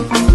Thank you.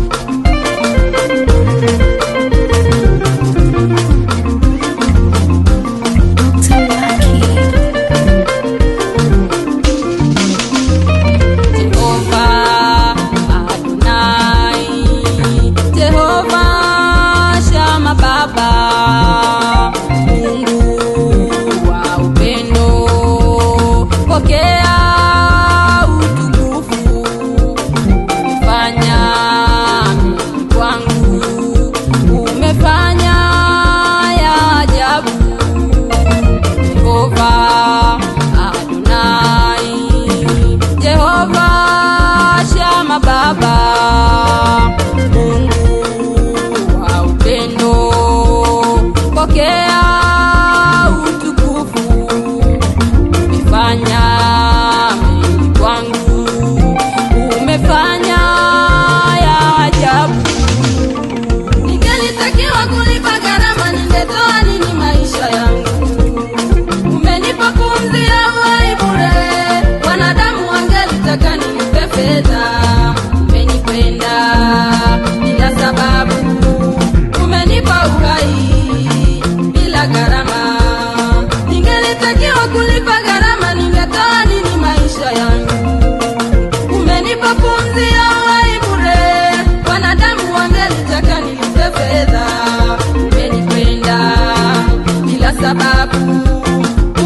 sababu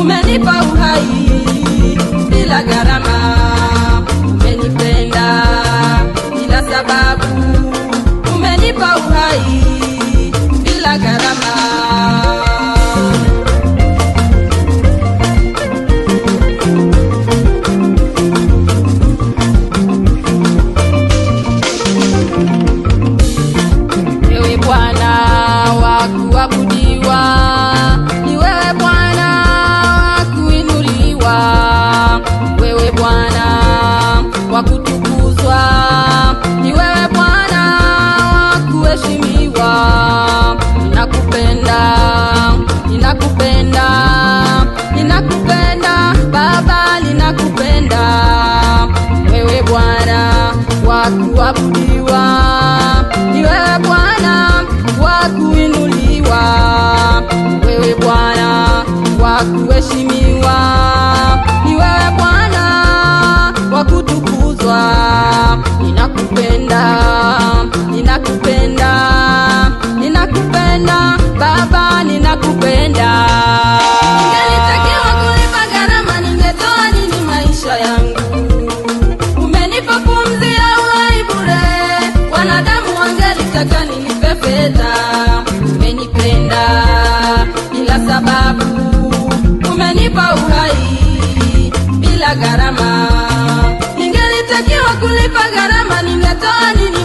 umenipa uhai bila gara ninakupenda, ninakupenda, ninakupenda Baba, ninakupenda. Ningelitakiwa kulipa gharama, ningetoa nini maisha yangu? Umenipa pumzi ya uhai bure, wanadamu wangelitaka nilipe fedha. Umenipenda bila sababu, umenipa uhai bila gharama, ningelitakiwa kulipa gharama Dani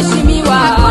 waheshimiwa.